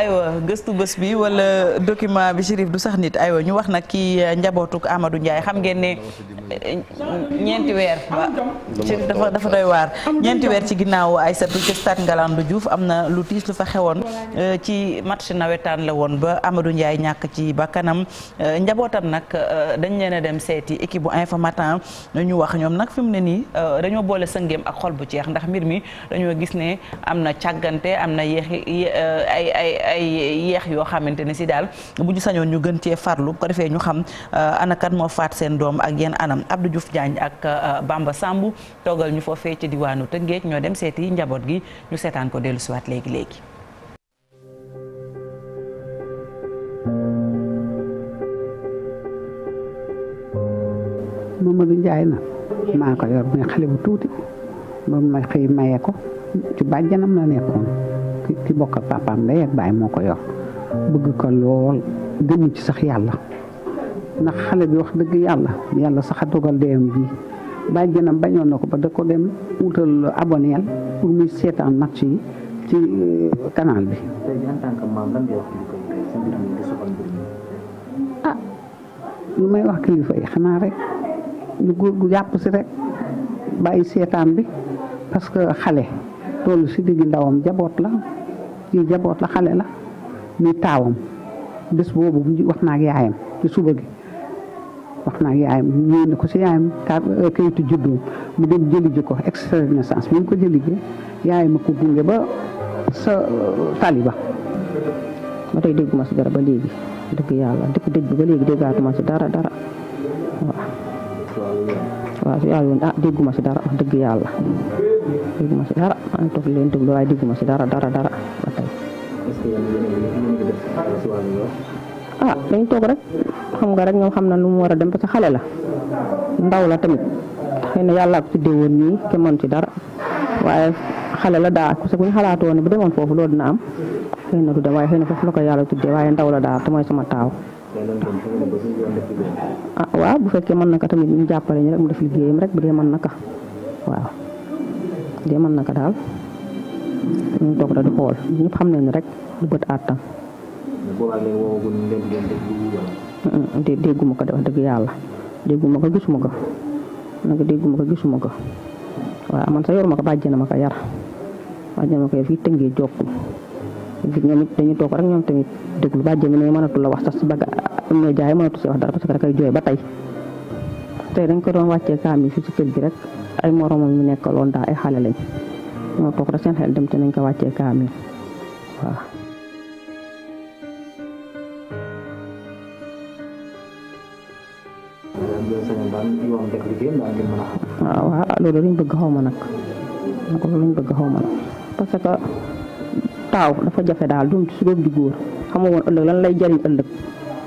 aywa gëstu bës bi wala document bi Chérif du sax nit aywa ñu wax nag ki euh, njabootuk amadu Ndiaye xam ngeen ne euh, ñeenti weer dafa dafa doy waar ñeenti weer ci ginnaaw Aïssatou ci stade Ngalandou juuf am na lu tiis lu fa xewoon euh, ci match nawetaan la woon ba Amadou Ndiaye ñàkk ci bakkanam njabootam nag dañ leen a dem seeti équipe bu Infos ñu wax ñoom nag fi mu ne nii dañoo boole sëngeem ak xol bu ceex ndax mbir mi dañoo gis ne am na càggante am na yéexi ay yeex yoo xamante ne si daal bu ju sañoon ñu gën cee farlu ko defee ñu xam euh, anakat moo faat seen doom ak yenn anam Abdou Diouf Diagne ak euh, Bamba Samb toggal ñu foofee ci diwaanu Tëngéej ñoo dem seeti njaboot gi ñu seetaan ko dellu siwaat léegi léegi. Mamadou Ndiaye na maa ko yor muy xale tuuti ba ma xëy maye ko ci bàjjanam la nekkoon. ki ki bokk ak papaam ndey moo ko yor bëgg ko lool gënu ci sax yàlla ndax xale bi wax dëgg yàlla yàlla sax a dogal deem bi bàjjenam bañoon na ko ba da ko dem wutal aboneel pour muy seetaan match yi ci euh, canal bi. ah lu may wax kilifa yi xanaa rek ñu góor gu jàpp si rek bàyyi seetaan bi parce que xale toll si digg ndawam jaboot la. kii jaboot la xale la muy taawam bés boobu wax naa ak yaayam ci suba gi wax naa ak yaayam ñëw na ko si yaayam ka euh, kayitu juddoom mu de jëli ji ko extrait de naissance ko jëli ji yaayam a ko gunge ba sa euh, taliba ba tey dégguma si dara ba léegi dëgg yàlla dëgg dëj bi ba léegi déggaatuma si dara dara waaw waaw si yaayoon ah dégguma si dara wax dëgg yàlla dégguma si dara maa ngi toog leen déglu waaye dégguma si dara dara ba tey. ah dañ toog rek xam nga rek ñoom xam na lu mu war a dem parce que xale la ndaw la tamit xëy na yàlla ko tuddee woon nii te mën ci dara waaye xale la daa parce que bu ñu xalaatoon ne bu demoon foofu loolu dina am xëy na du dem waaye xëy foofu la ko yàlla tuddee waaye ndaw la daal te sama taaw. ah waaw bu fekkee mën na ko tamit ñu jàppale ñu rek mu def liggéeyam rek bu dee mën na ko waaw. mën na naka daal ñu toog rek di xool ñëpp xam nañ rek du bët àttam. dé dégguma ko de wax dëgg yàlla dégguma ko gisuma ko nag dégguma ko gisuma ko waaw man sa yor ma ko bàjjana ma ko yar bàjjana ma ko yar fii tëngee jokku ñoom dañu toog rek ñoom tamit déglu bàjjana mi ne mënatu la wax sax si bëgg média yi mënatu si wax dara parce que da koy jooy ba tey. tey dañ ko doon wàccee kaamil fi ci kër gi rek ay moromam yu nekkaloon daa ay xale lañ ñoo toog rek seen xel dem te nañ ko wàccee kaamil waaw. waaw waaw ah, loolu lañ bëgg xaw ma nag lañ bëgg xaw ma parce que taaw dafa jafe daal doom ci su doom di góor xamoo woon ëllëg lan lay jariñ ëllëg.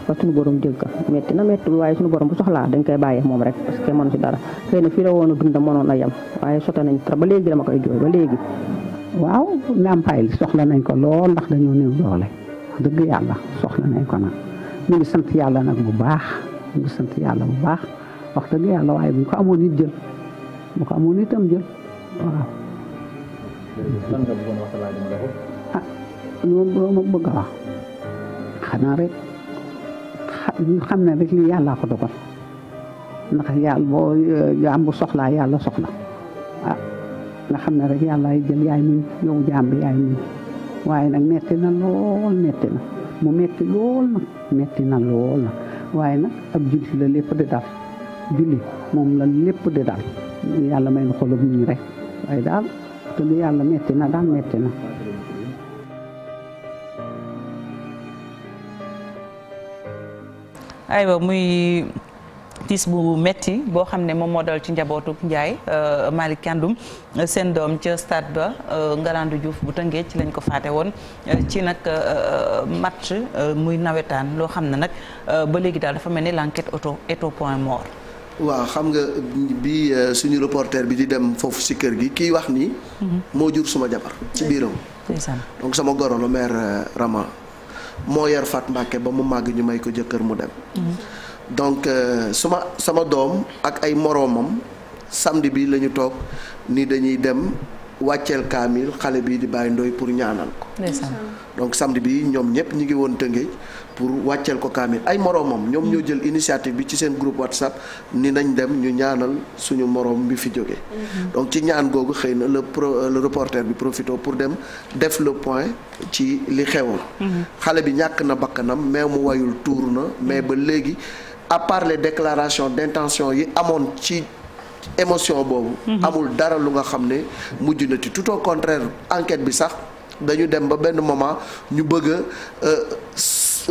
ba suñu borom jéggal metti na metti waaye suñu borom bu soxlaa dañ koy bàyyee moom rek parce que mënu ci dara xëy na woon a dunda mënoon na yem waaye sote nañ tra ba léegi dama koy jooy ba léegi waaw ndàmpaay li soxla nañ ko lool ndax dañoo néew doole dëgg yàlla soxla nañ ko nag ñu ngi sant yàlla nag bu baax ñu ngi sant yàlla bu baax wax dëgg yàlla waaye bu ñu ko amoon it jël ko amoon itam jël waaw. lan nga ah loolu ma bëgg a wax xam na rek lii yàllaa ko dogal ndax yàlla boo euh, jaam bu soxlaa yàlla soxla ah nga xam na rek yàllaay jël yaay muñ yow jaam bi yaay muñ waaye nag metti na lool metti na mu metti lool nag metti na lool nag waaye nag ab julli la lépp di dal julli moom la lépp di dal yàlla may na xolub ñu rek waaye daal te lu yàlla metti na daal metti na aywa muy tiis bu metti boo xam ne moom moo dal ci njabootu njaay euh, Malick Kandoum euh, seen doom ca stade ba euh, Ngalandou Diouf bu Tëngéej ci lañ ko faate woon ci nag match muy nawetaan loo xam ne nag ba léegi daal dafa mel ni l'enquête auto est au point mort. waaw xam nga bi suñu reporter bi di dem foofu si kër gi kiy wax nii. Mhm. moo jur suma jabar ci biiram. donc sama goro la maire Rama. moo yar Fatou Mbacké ba mu màgg ñu may ko jëkkër mu dem donc euh, suma sama doom ak ay moroomam samedi bi la ñu toog ni dañuy dem wàcceel kaamil xale bii di bàyyi ndoy pour ñaanal ko donc samedi bi ñoom ñëpp ñu ngi woon Tëngéej pour wàcceel ko kaamil ay moroomam ñoom ñoo mm. jël initiative bi ci seen groupe whatsapp ni nañ dem ñu ñaanal suñu moroom bi fi jógee mm-hmm. donc ci ñaan googu xëy na la pro euh, le reporter bi profito pour dem def le point ci li xewoon mm-hmm. xale bi ñàkk na bakkanam mais mu wayul tuur na mais mm-hmm. ba léegi à part les déclarations d'intention yi amoon ci émotion boobu. Mhm. amul dara lu nga xam ne mujj na ci tout au contraire enquête bi sax dañu dem ba benn moment ñu bëgg a euh,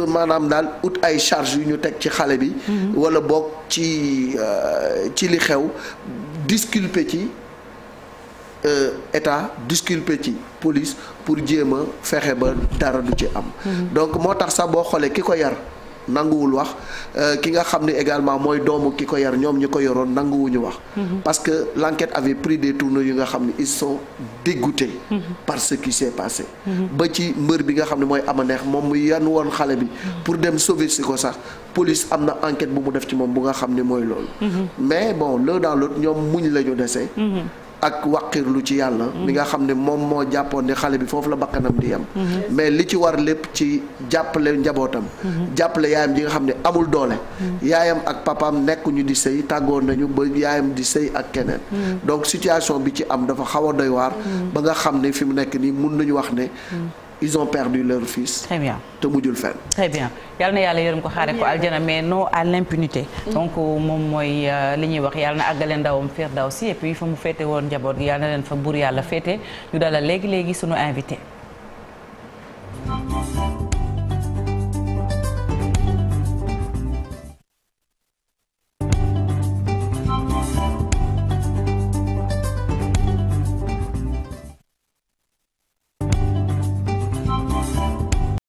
maanaam daal ut ay charge yu ñu teg ci xale bi. Mhm. wala boog ci euh, ci li xew disculper ci. Euh, état disculpé ci police pour jéem a fexe ba dara du ci am. Mhm. donc moo tax sax boo xoolee ki ko yar. nanguwul wax euh, ki nga xam ne également mooy doomu ki ko yar ñoom ñi ko yoroon nanguwuñu wax. Mm-hmm. parce que l' enquête avait pris des tournures yu nga xam ne ils sont dégoûtés. Mm-hmm. par qui s' est mm-hmm. ba ci mbër bi nga xam ne mooy ama neex moom mu yan woon xale bi. pour dem sauver si ko sax police am na enquête bu mu def ci moom bu nga xam ni mooy loolu. mais bo l'un dans l'autre ñoom muñ la ñu ak waqiir lu ci yàlla mi mm-hmm. nga xam ne moom moo jàppoon ne xale bi foofu la bakkanam di yem mm-hmm. mais li ci war lépp ci jàppale njabootam mm-hmm. jàppale yaayam ji nga xam ne amul doole yaayam ak papaam nekk di sëy tàggoon nañu ba yaayam di sëy ak keneen donc situation bi ci am dafa xaw a doy waar ba nga xam ne fi mu nekk nii mun nañu wax ne ils ont perdu leur fils. très bien te mujjul fenn. très bien yal na yàlla yërëm ko xaare ko aljana mais non à l'impunité donc euh, moom mooy euh, li ñuy wax yal na àggale ndawam fiir daw si et puis fa mu féete woon njaboot yal na leen fa buur yàlla féete ñu dalal léegi léegi sunu invité.